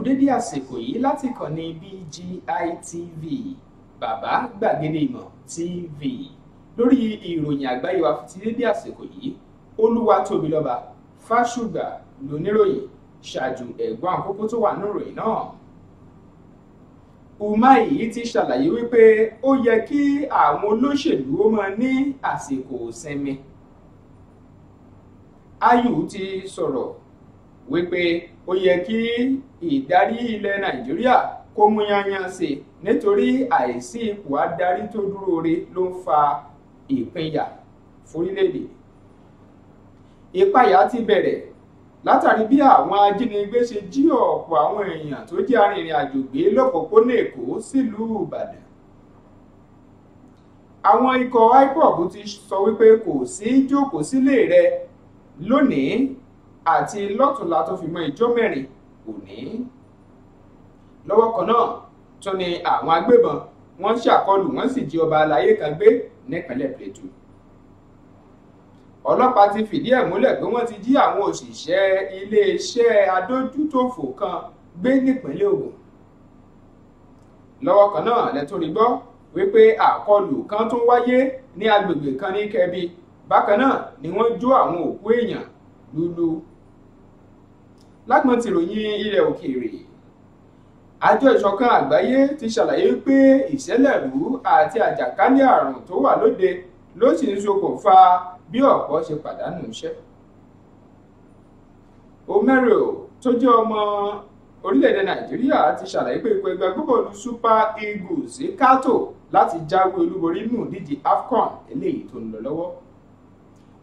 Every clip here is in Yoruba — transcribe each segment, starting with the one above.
kú dédé àsìkò yìí láti kànnì BGI TV bàbá gbàgede ìmọ̀ TV lórí ìròyìn àgbáyé wa ti dédé àsìkò yìí olúwa tóbi lọ́ba fáṣùgbà lóníròyìn ṣáájú ẹ̀gbọ́n àkókò tó wà níròyìn náà. Umar yìí ti ṣàlàyé wípé ó yẹ kí àwọn olóṣèlú ó máa ní àsìkò ìsinmi. Ayù ti sọ̀rọ̀ wípé ó yẹ kí ìdarí ilẹ̀ nàìjíríà kó mú yanyan sí i nítorí àìsí ipò adarí tó dúró re ló ń fa ìpínyà forílẹ̀-èdè ìpayà ti bẹ̀rẹ̀ látàrí bí àwọn ajínigbé ṣe jí ọ̀pọ̀ àwọn èèyàn tó jẹ́ arìnrìn àjò gbé lọ́pọ̀pọ̀nà èkó sílùú ìbàdàn àwọn ikọ̀ ipob ti sọ wípé kò sí jókòó sílé rẹ lónìí àti lọ́tùnlá tó fi mọ ìjọ mẹ́rin òní. lọ́wọ́ kan náà tún ni àwọn agbébọn wọ́n ṣàkọlù wọ́n sì jí ọba àlàyé kan gbé nípínlẹ̀ Plateau. ọlọ́pàá ti fìdí ẹ̀ múlẹ̀ pé wọ́n ti jí àwọn òṣìṣẹ́ iléeṣẹ́ adójútòfò kan gbé nípínlẹ̀ Ògùn. lọ́wọ́ kan náà lẹ́tọ́ rí gbọ́ wípé àkọlù kan tún wáyé ní agbègbè kan ní Kẹ́bi bákan náà ni wọ́n jó àwọn òkú èèyàn lulu lágbọn ti ròyìn ilẹ̀ òkèèrè àjọ ìṣọ̀kan àgbáyé ti ṣàlàyé pé ìṣẹ̀lẹ̀rú àti àjàkálẹ̀ àrùn tó wà lóde ló sì ń ṣokùnfà bí ọ̀pọ̀ ṣe pàdánù iṣẹ́ omero tó jẹ́ ọmọ orílẹ̀-èdè nàìjíríà ti ṣàlàyé pé ikọ̀ ẹgbẹ́ agbábọ́ọ̀lù super eagles kátó láti jáwé olúborí nù díje afcon eléyìí tó ń lọ lọ́wọ́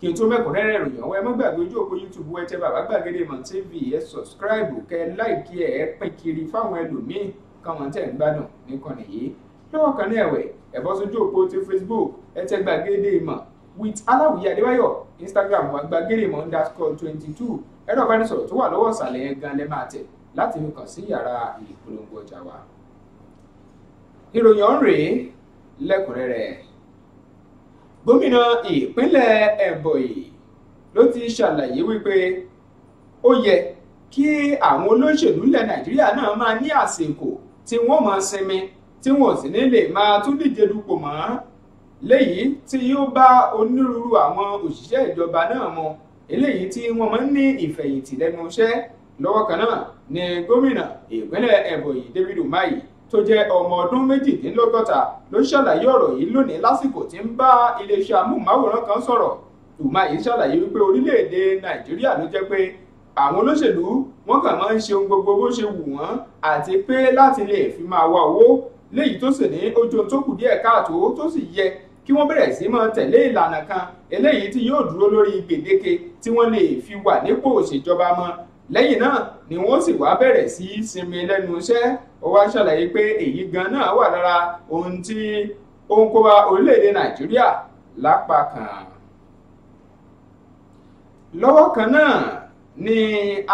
kí n tó mẹ́kúnrẹ́rẹ́ ìròyìn ọ̀hún ẹ má gbàgbé ojú òpó youtube wẹ́ tẹ bàbá gbàgede mọ̀ tv ẹ sọ̀sìkíráìbù kẹ láìkí ẹ pín kiri fáwọn ẹlòmíín káwọn tẹ̀ ń gbádùn níkànnì yìí lọ́wọ́ kan ní ẹ̀wẹ̀ ẹ bọ́ sójú òpó ti facebook ẹ tẹ gbàgede mọ̀ with aláwìyé adébáyọ̀ instagram wa gbàgede mọ̀ underscore twenty two ẹ̀rọ ìbánisọ̀rọ̀ tó wà lọ́wọ́ ìsàlẹ̀ yẹn gan lẹ́ máa tẹ̀ láti fi kàn sí yàrá ìpolongo ọjà wa. ìròyìn ọ̀hún rèé lẹ́kùnrẹ́rẹ́ gómìnà ìpínlẹ̀ ẹ̀bọ̀yì ló ti ṣàlàyé wípé ó yẹ kí àwọn olóṣèlú ilẹ̀ nàìjíríà náà máa ní àsìkò tí wọ́n máa sinmi tí wọ́n sì ní lè máa tún díje dupò mọ́ léyìí tí yóò bá onírúurú àwọn òṣìṣẹ́ ìjọba náà mu eléyìí tí wọ́n máa ń ní ìfẹ̀yìntì lẹ́nu iṣẹ́ lọ́wọ́ kan náà ni gómìnà ìpínlẹ̀ ẹ̀bọ̀yì David Umahi tó jẹ́ ọmọ ọdún méjìdínlọ́gọ́ta ló ṣàlàyé ọ̀rọ̀ yìí lónìí lásìkò tí ń bá iléeṣẹ́ amóhùnmáwòrán kan sọ̀rọ̀ tùmáyé ṣàlàyé wípé orílẹ̀ nàìjíríà ló jẹ́ pé àwọn olóṣèlú wọn kàn máa ń ṣe gbogbo bó ṣe wù wọ́n àti pé láti lè fi máa wá owó léyìí tó sì ní ojú tó kù díẹ̀ káàtó tó sì yẹ kí wọ́n bẹ̀rẹ̀ sí máa tẹ̀lé ìlànà kan eléyìí tí yóò dúró lórí gbèdéke tí wọ́n lè fi wà nípò òṣèjọba mọ́ lẹ́yìn náà ni wọ́n sì wá bẹ̀rẹ̀ sí í sinmi lẹ́nu iṣẹ́ ó wá ṣàlàyé pé èyí gan náà wà lára ohun tí ó ń kó bá orílẹ̀-èdè nàìjíríà lápá kan. lọ́wọ́ kan náà ni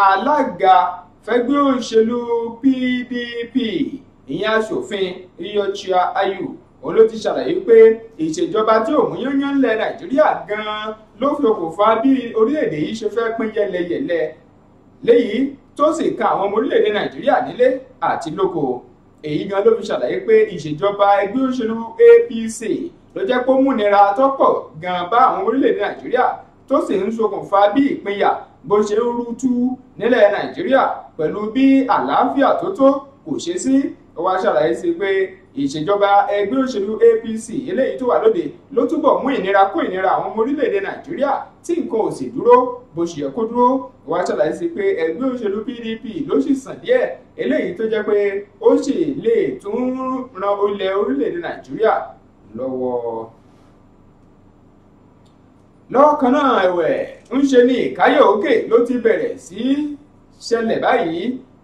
alága fẹgbẹ́ òṣèlú PDP ìyẹn aṣòfin iyọchia ayu òun ló ti ṣàlàyé pé ìṣèjọba tí òun yányán lẹ nàìjíríà gan-an ló fi okùnfà bí orílẹ̀-èdè yìí ṣe fẹ́ pín yẹlẹyẹlẹ léyìí tó sì ka àwọn ọmọ orílẹ̀-èdè nàìjíríà nílé àti lóko èyí gan ló fi ṣàlàyé pé ìṣèjọba ẹgbẹ́ òṣèlú APC ló jẹ́ kó múnira tó pọ̀ gan bá àwọn orílẹ̀-èdè nàìjíríà tó sì ń ṣokùnfà bí ìpínyà bó ṣe ń rú tú nílẹ̀ nàìjíríà pẹ̀lú bí àlàáfíà tó tó kò ṣe sí ó wá ṣàlàyé sí pé ìṣèjọba ẹgbẹ́ òṣèlú APC eléyìí tó wà lóde ló túbọ̀ mú ìnira kó ìnira àwọn ọmọ orílẹ̀-èdè Nàìjíríà tí nǹkan ò sì dúró bó ṣe yẹ kó dúró wá ṣàlàyé sí pé ẹgbẹ́ òṣèlú PDP ló sì sàn díẹ̀ eléyìí tó jẹ́ pé ó sì lè tún ran ilẹ̀ orílẹ̀-èdè Nàìjíríà lọ́wọ́ lọ́kàn náà ẹ̀wẹ̀ ń ṣe ní ìkáyọ̀ òkè ló ti bẹ̀rẹ̀ sí ṣẹlẹ̀ báyìí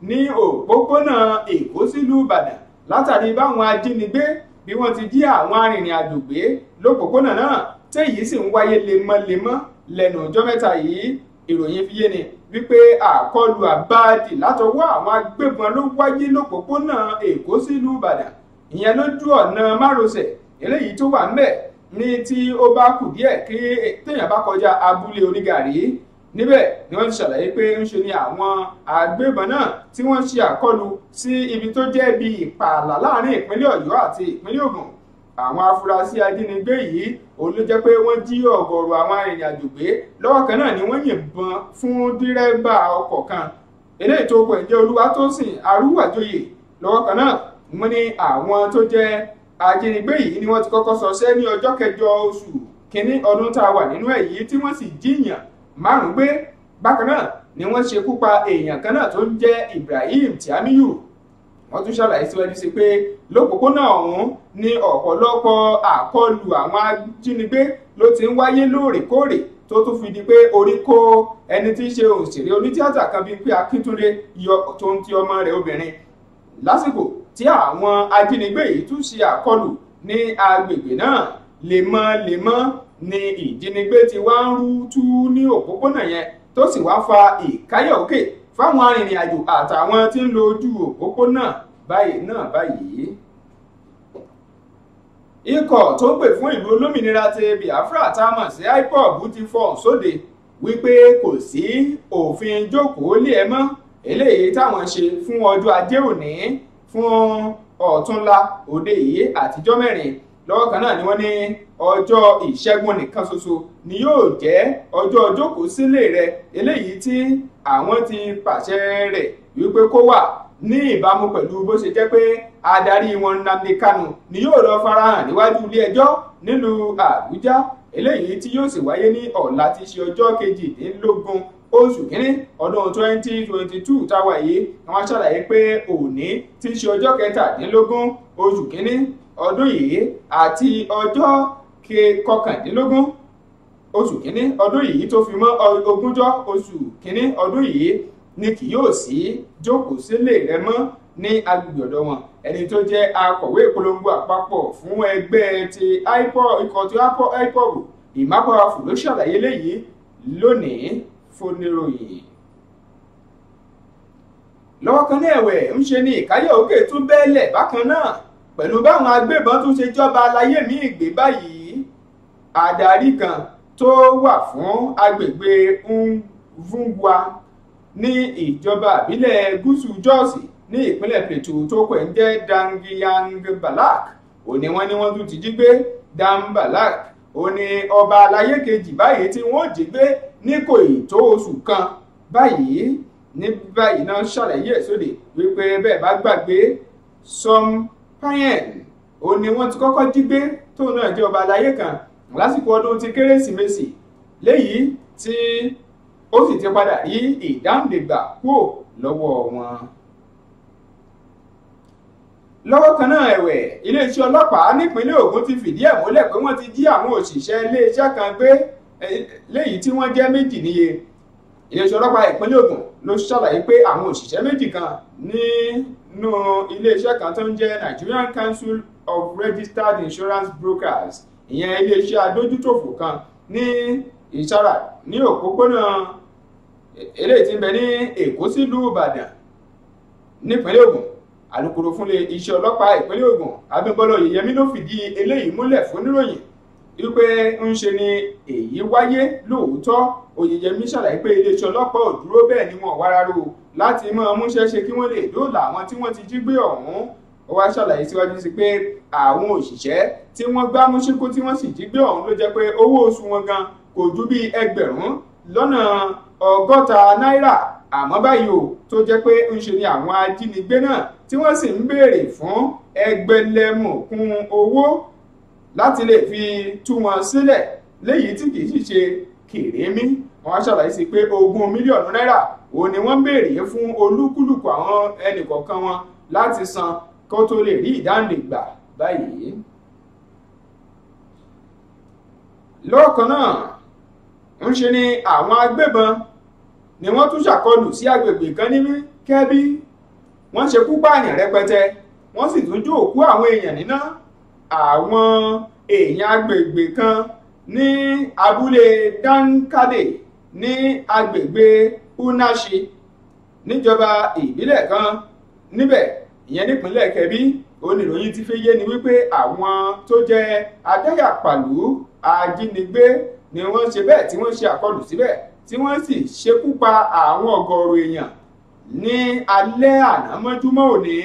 ní òpópónà Èkó sílùú Ìbàdàn látàrí báwọn ajínigbé bí wọ́n ti jí àwọn arìnrìn-àjò gbé lópòpónà náà téyìí sì ń wáyé lemọ́lemọ́ lẹ́nu ọjọ́ mẹ́ta yìí ìròyìn fi yé ni wípé àkọlù àbáàdì látọwọ́ àwọn agbébọn ló wáyé lópòpónà èkó sílùú ìbàdàn ìyẹn lójú ọ̀nà márosẹ̀ eléyìí tó wà ń bẹ̀ ní tí ó bá kù díẹ̀ kí téèyàn bá kọjá abúlé onígàrí níbẹ̀ ni wọ́n ti ṣàlàyé pé ń ṣe ni àwọn agbébọn náà tí wọ́n ṣe àkọlù sí ibi tó jẹ́ bí ìpààlà láàrin ìpínlẹ̀ Ọ̀yọ́ àti ìpínlẹ̀ Ògùn àwọn afurasí ajínigbé yìí òun ló jẹ́ pé wọ́n jí ọ̀gọ̀ọ̀rọ̀ àwọn arìnrìnàjò gbé lọ́wọ́ kan náà ni wọ́n yìnbọn fún dírẹ́bà ọkọ̀ kan eléyìí tó pẹ̀ jẹ́ Olúwatósìn Arúwàjòyè lọ́wọ́ kan náà wọ́n ní àwọn tó jẹ́ ajínigbé yìí ni wọ́n ti kọ́kọ́ sọṣẹ́ ní ọjọ́ kẹjọ oṣù kínní ọdún tá a wà nínú ẹ̀ yìí tí wọ́n sì jíyàn márùn-ún gbé bákan náà ni wọ́n ṣekú pa èèyàn kan náà tó ń jẹ́ Ibrahim Tiamiyu wọ́n tún ṣàlàyé síwájú sí pé lópòpónà ọ̀hún ni ọ̀pọ̀lọpọ̀ àkọlù àwọn ajínigbé ló ti ń wáyé lóòrèkóòrè tó tún fi di pé orí kó ẹni tí í ṣe òṣèré onítíátà kan bíi pé Akíntúndé yọ tó ń ti ọmọ rẹ̀ obìnrin lásìkò tí àwọn ajínigbé yìí tún ṣe àkọlù ní agbègbè náà lemọ́lemọ́ ni ìjínigbé ti wá ń rú tú ní òpópónà yẹn tó sì wá fa ìkáyọ̀ òkè fáwọn arìnrìn-àjò àtàwọn tí ń lo ojú òpópónà báyìí náà báyìí ikọ̀ tó ń pè fún ìlú olómìnira ti Biafra tá a mọ̀ sí IPOB ti fọhùn sóde wípé kò sí òfin jókòó lé ẹ mọ́ eléyìí táwọn ṣe fún ọjọ́ ajé òní fún ọ̀túnla òde yìí àtijọ́ mẹ́rin lọ́wọ́ kan náà ni wọ́n ní ọjọ́ ìṣẹ́gun nìkan ṣoṣo ni yóò jẹ́ ọjọ́ jókòó sílé rẹ̀ eléyìí tí àwọn ti pàṣẹ rẹ̀ wípé kó wà ní ìbámu pẹ̀lú bó ṣe jẹ́ pé adarí wọn Nnamdi Kanu ni yóò lọ farahàn níwájú ilé ẹjọ́ nílùú Àbújá eléyìí tí yóò sì wáyé ní ọ̀la tí ṣe ọjọ́ kejìdínlógún oṣù kínní ọdún twenty twenty two táwa yìí wọ́n ṣàlàyé pé òní tí ṣe ọjọ́ kẹtàdínlógún oṣù kínní ọdún yìí àti ọjọ́ kọkàndínlógún oṣù kínní ọdún yìí tó fi mọ́ ogúnjọ́ oṣù kínní ọdún yìí ni kì yóò sí jókòó sílé rẹ̀ mọ́ ní agbègbè ọ̀dọ̀ wọn ẹni tó jẹ́ akọ̀wé ìpolongo àpapọ̀ fún ẹgbẹ́ ti ikọ̀ tí ipob ìmápáwáfù ló ṣàlàyé léyìí lónìí foníròyìn lọ́wọ́ kan náà ẹ̀wẹ̀ ń ṣe ni ìkáyọ̀ òkè tún bẹ́ẹ̀lẹ̀ bákan náà pẹ̀lú báwọn agbébọn tún ṣe jọba aláyé mi ìgbé báyìí adarí kan tó wà fún agbègbè Mvungwa ní ìjọba àbílẹ̀ gúúsù jọ́ọ̀sì ní ìpínlẹ̀ Plateau tó pẹ̀ ń jẹ́ Dangyang Balak ó ní wọ́n ní wọ́n tún ti jí gbé Dan Balak ó ní ọba aláyé kejì báyìí tí wọ́n jí gbé ní kò ì tó oṣù kan báyìí ní báyìí náà ṣàlàyé ẹ̀ sóde wípé bẹ́ẹ̀ bá gbàgbé sọ́mù Daniel òun ni wọ́n ti kọ́kọ́ jí gbé tóun náà jẹ́ ọba àlàyé kan lásìkò ọdún ti kérésìmesì léyìí tí ó sì ti padà rí ìdáǹdègbà kúò lọ́wọ́ wọn. lọ́wọ́ kan náà ẹ̀wẹ̀ iléeṣẹ́ ọlọ́pàá nípínlẹ̀ Ògùn ti fìdí ẹ̀ múlẹ̀ pé wọ́n ti jí àwọn òṣìṣẹ́ iléeṣẹ́ kan gbé léyìí tí wọ́n jẹ́ méjì níye iléeṣẹ́ ọlọ́pàá ìpínlẹ̀ Ògùn ló ṣàlàyé pé àwọn òṣìṣẹ́ méjì kan ní nù iléeṣẹ́ kan tó ń jẹ́ Nigerian Council of Registered Insurance Brokers ìyẹn iléeṣẹ́ adójútòfò kan ní ìsara ní òpópónà eléyìí tí ń bẹ ní Èkó sílùú Ìbàdàn nípínlẹ̀ Ògùn alukoro fúnlé iṣẹ́ ọlọ́pàá ìpínlẹ̀ Ògùn Abímbọ́lá Oyèyẹmí ló fìdí eléyìí múlẹ̀ fún níròyìn wípé ń ṣe ni èyí wáyé lóòótọ́ Oyèyẹmí ṣàlàyé pé iléeṣẹ́ ọlọ́pàá ò dúró bẹ́ẹ̀ ni wọ́n wárárò láti mọ ọmúṣẹ́ ṣe kí wọ́n lè dóòlà àwọn tí wọ́n ti jí gbé ọ̀hún ó wá ṣàlàyé síwájú sí pé àwọn òṣìṣẹ́ tí wọ́n gbá múṣíkú tí wọ́n sì jí gbé ọ̀hún ló jẹ́ pé owó oṣù wọn gan kò ju bí ẹgbẹ̀rún lọ́nà ọgọ́ta náírà àmọ́ báyìí o tó jẹ́ pé ń ṣe ni àwọn ajínigbé náà tí wọ́n sì ń béèrè fún ẹgbẹ̀lẹ́mọ̀kún owó láti lè fi tú wọn sílẹ̀ léyìí tí kì í ṣe kèrémí wọ́n ṣàlàyé sí pé ogún mílíọ̀nù náírà òun ni wọ́n béèrè fún olúkúlùkù àwọn ẹnìkọ̀ọ̀kan wọn láti san kó tó lè rí ìdáǹdè gbà báyìí. lọ́ọ̀kan náà ń ṣe ni àwọn agbébọn ni wọ́n tún ṣàkọlù sí agbègbè kan ní kẹ́bí wọ́n ṣekú pààyàn rẹpẹtẹ wọ́n sì tún jó òkú àwọn èèyàn níná àwọn èèyàn agbègbè kan ní abúlé dankade ní agbègbè unashi níjọba ìbílẹ̀ kan níbẹ̀ ìyẹn nípínlẹ̀ kẹbí oníròyìn ti fẹ́ yé ni wípé àwọn tó jẹ́ adáyàpàlú ajínigbé ni wọ́n ṣe bẹ́ẹ̀ tí wọ́n ṣe àkọlù síbẹ̀ tí wọ́n sì ṣekú pa àwọn ọ̀gọ̀ọ̀rọ̀ èèyàn ní alẹ́ àná mọ́júmọ́ òní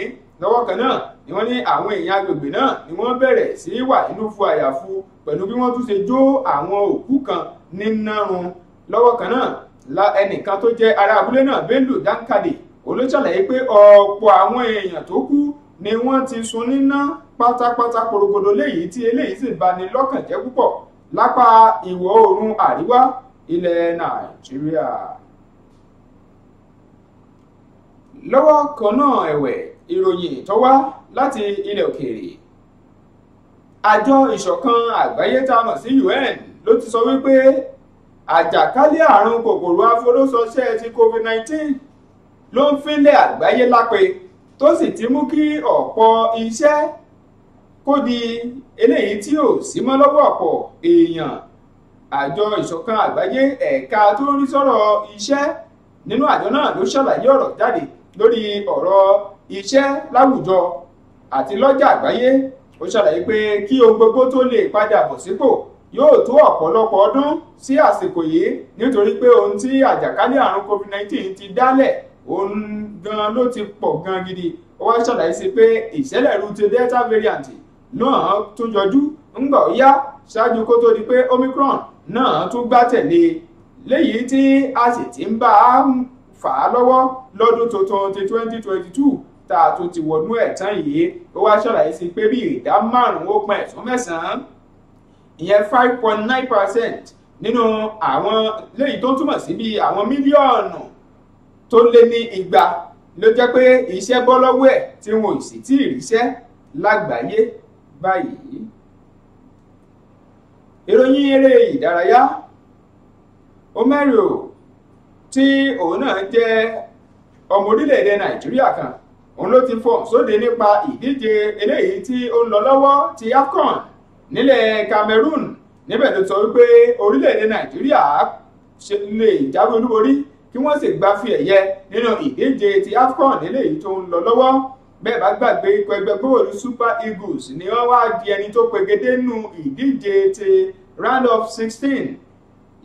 lọ́wọ́ kan náà ni wọ́n ní àwọn èèyàn agbègbè náà ni wọ́n bẹ̀rẹ̀ sí í wà nínú fu àyàfu pẹ̀lú bí wọ́n tún ṣe jó àwọn òkú kan ní nárun lọ́wọ́ kan náà la ẹnìkan tó jẹ́ ará abúlé náà Bello Dankade olóṣàlàyé pé ọ̀pọ̀ àwọn èèyàn tó kú ni wọ́n ti sun níná pátápátá korogodo léyìí tí eléyìí sì bà ní lọ́kàn jẹ́ púpọ̀ lápá ìwọ̀ oòrùn àríwá ilẹ̀ Nàìjíríà lọ́wọ́ kan náà ẹ̀wẹ̀ ìròyìn tó wá láti ilẹ̀ òkèèrè àjọ ìṣọ̀kan àgbáyé tá a mọ̀ sí UN ló ti sọ wípé àjàkálẹ̀ àrùn kòkòrò àforúsọṣẹ́ ti COVID-19 ló ń fínlẹ̀ àgbáyé lápè tó sì ti mú kí ọ̀pọ̀ iṣẹ́ kó di eléyìí tí ò sí mọ́ lọ́wọ́ ọ̀pọ̀ èèyàn àjọ ìṣọ̀kan àgbáyé ẹ̀ka tó ń rí sọ̀rọ̀ iṣẹ́ nínú àjọ náà ló ṣàlàyé ọ̀rọ̀ jáde lórí ọ̀rọ̀ iṣẹ́ láwùjọ àti lọ́jà àgbáyé ó ṣàlàyé pé kí ohun gbogbo tó lè padà bọ̀ sípò yóò tó ọ̀pọ̀lọpọ̀ ọdún sí àsìkò yìí nítorí pé ohun tí àjàkálẹ̀ àrùn covid-19 ti dálẹ̀ òun gan ló ti pọ̀ gan gidi ó wá ṣàlàyé sí pé ìṣẹ̀lẹ̀ ru ti delta variant náà tún yọjú ńgbà ó yá ṣáájú kó tó di pé omicron náà tún gbá tẹ̀lé léyìí tí a sì ti ń bá a fà á lọ́wọ́ lọ́dún tuntun ti 2022 tá a tún ti wọnú ẹ̀ tán yìí ó wá ṣàlàyé sí pé bí ìdá márùn-ún ó pọn ẹ̀sùn mẹ́sàn-án ìyẹn five point nine percent nínú àwọn léyìí tó túmọ̀ sí bí àwọn mílíọ̀nù tó lé ní igba ló jẹ́ pé iṣẹ́ bọ́ lọ́wọ́ ẹ̀ tí wọn ò sì tí ì ríṣẹ́ lágbàáyé báyìí. ìròyìn eré ìdárayá omerio tí òun náà jẹ́ ọmọ orílẹ̀-èdè nàìjíríà kan òun ló ti fọ̀n sóde nípa ìdíje eléyìí tí ó ń lọ lọ́wọ́ ti AFCON nílẹ̀ Cameroon níbẹ̀ ló sọ wípé orílẹ̀-èdè Nàìjíríà lè jáwé olúborí kí wọ́n sì gbafi ẹ̀yẹ nínú ìdíje ti AFCON eléyìí tó ń lọ lọ́wọ́ bẹ́ẹ̀ bá gbàgbé ikọ̀ ẹgbẹ́ bóòlù Super Eagles ni wọ́n wá di ẹni tó pegedé nínú ìdíje ti round of sixteen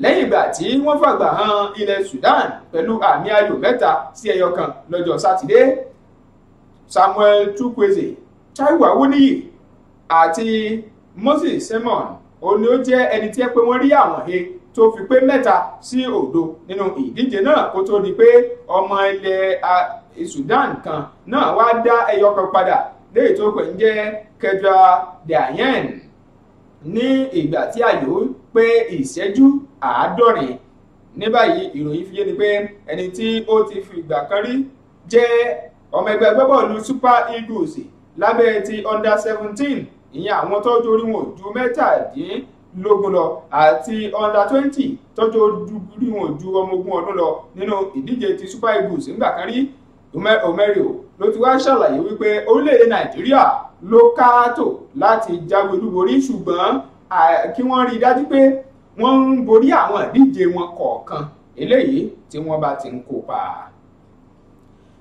lẹ́yìn ìgbà tí wọ́n fàgbà han ilẹ̀ Sudan pẹ̀lú àmì ayò mẹ́ta sí ẹyọ kan lọ́jọ́ sátidé samuel chukwueze taiwo awoniyi àti moses simon òun ni ó jẹ́ ẹni tí ẹ pé wọ́n rí àwọn he tó fi pé mẹ́ta sí òdo nínú ìdíje náà kó tó di pé ọmọ ilẹ̀ sudan kan náà wá dá ẹyọ kan padà léyìí tó pè ń jẹ́ kedra dayen ní ìgbà tí ayò pé ìṣẹ́jú àádọ́rin ní báyìí ìròyìn fi yé ni pé ẹni tí ó ti fi ìgbà kan rí jẹ́ ọmọ ẹgbẹ́ agbábọ́ọ̀lù super eagles lábẹ́ ti under seventeen ìyẹn àwọn tọ́jú orí wọn ju mẹ́tàdínlógún lọ àti under twenty tọ́jú orí wọn ju ọmọ ogún ọdún lọ nínú ìdíje ti super eagles ńgbà kan rí omerio ló ti wá ṣàlàyé wípé orílẹ̀-èdè nàìjíríà ló káàtó láti jáwé olúborí ṣùgbọ́n kí wọ́n rí i dájú pé wọ́n ń borí àwọn ìdíje wọn kọ̀ọ̀kan eléyìí tí wọ́n bá ti ń kópa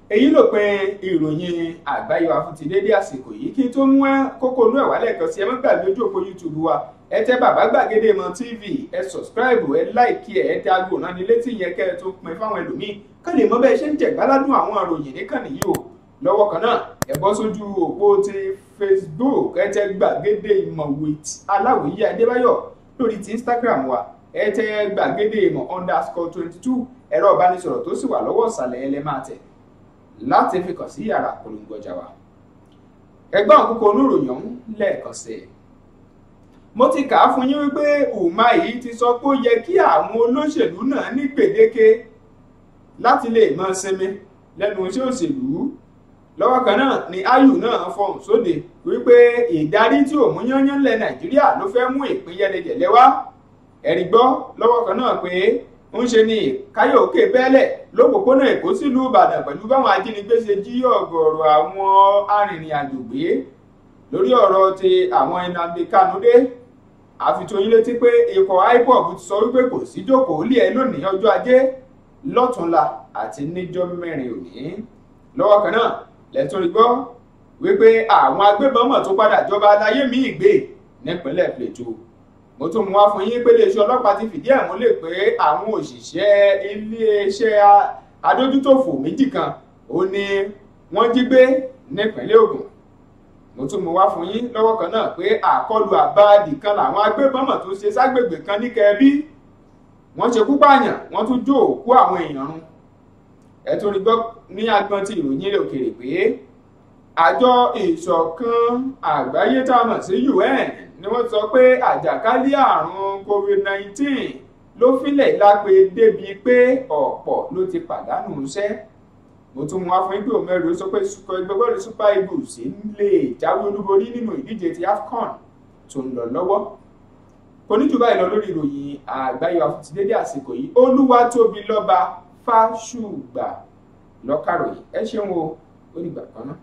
èyí ló pé ìròyìn àgbáyé wa fún ti dédé àsìkò yìí kí n tó mú kókó inú ẹ̀ wálẹ̀ kan sí ẹ má gbàgbé ojú òpó youtube wa ẹ tẹ bàbá gbàgede mọ tv ẹ subscribe ẹ like ẹ ẹ dago náà ní létí yẹn kẹ ẹ tó pin fáwọn ẹlòmíín kán lè mọ bẹ́ẹ̀ ṣe ń jẹ̀gbáládùn àwọn ìròyìn níkànnì yìí o lọ́wọ́ kan náà ẹ bọ́ sójú òpó ti facebook ẹ tẹ gbàgede ìmọ̀ with aláwòye adébáyọ̀ lórí ti instagram wa ẹ tẹ gbàgede ìmọ̀ underscore twenty two ẹ̀rọ ìbánisọ̀rọ̀ tó sì wà lọ́wọ́ ìsàlẹ̀ ẹ tẹ̀ láti fi kàn sí yàrá polongo wa ẹgbẹ́ òkúkọ oníròyìn ọ̀hún lẹ́ẹ̀kan sí i mo ti kà á fún yín wípé Umahi yìí ti sọ pé ó yẹ kí àwọn olóṣèlú náà ní gbèdéke láti lè máa sinmi lẹ́nu iṣẹ́ òṣèlú lọ́wọ́ kan náà ni Ayu náà fọhùn sóde wípé ìdarí tí ò mú yányán lẹ Nàìjíríà ló fẹ́ mú ìpínyẹlẹjẹlẹ wá ẹ̀rí gbọ́ lọ́wọ́ kan náà pé ń ṣe ni káyọ̀ọ́kè bẹ́lẹ̀ lópòpónà èkó sílùú ìbàdàn pẹ̀lú báwọn ajínigbé ṣe jí ọ̀gọ̀ọ̀rọ̀ àwọn arìnrìn-àjò gbé lórí ọ̀rọ̀ ti àwọn Nnamdi Kanu dé àfitóyin létí pé ikọ̀ ipob ti sọ wípé kò sí jókòó lé ẹ lónìí ọjọ́ ajé lọ́túnla àti níjọ́ mẹ́rin òní lọ́wọ́ kan náà lẹ́tún rí gbọ́ wípé àwọn agbébọn mọ̀ tó padà jọba aláyé míì gbé nípínlẹ̀ Plateau mo tún mú wá fún yín pé iléeṣẹ́ ọlọ́pàá ti fìdí ẹ̀ múlẹ̀ pé àwọn òṣìṣẹ́ iléeṣẹ́ adójútòfò méjì kan ó ní wọ́n jí gbé nípínlẹ̀ Ògùn mo tún mú wá fún yín lọ́wọ́ kan náà pé àkọlù àbáàdì kan làwọn agbébọn mọ̀ tó ṣe ságbègbè kan ní Kẹ́bí wọ́n ṣekú pààyàn wọ́n tún jó òkú àwọn èèyàn run ẹ tún rí gbọ́ ní agbọn ti ìròyìn ilẹ̀ òkèèrè pé àjọ ìṣọ̀kan àgbáyé tá mọ̀ sí UN ni wọ́n sọ pé àjàkálẹ̀ àrùn covid-19 ló fílẹ̀ lápè débi pé ọ̀pọ̀ ló ti pàdánù iṣẹ́ mo tún mú afọ ẹgbẹ́ òmẹ́rù sọ pé ẹgbẹ́ bọ́ọ̀lù super eagles lè jáwé olúborí nínú ìdíje ti afcon tó ń lọ lọ́wọ́ kò ní jù báyìí lọ lórí ìròyìn àgbáyé wa fún ti dédé àsìkò yìí olúwa tóbi lọ́ba fáṣùgbà lọ́kàròyìn ẹ ṣeun o ó dìgbà kan náà.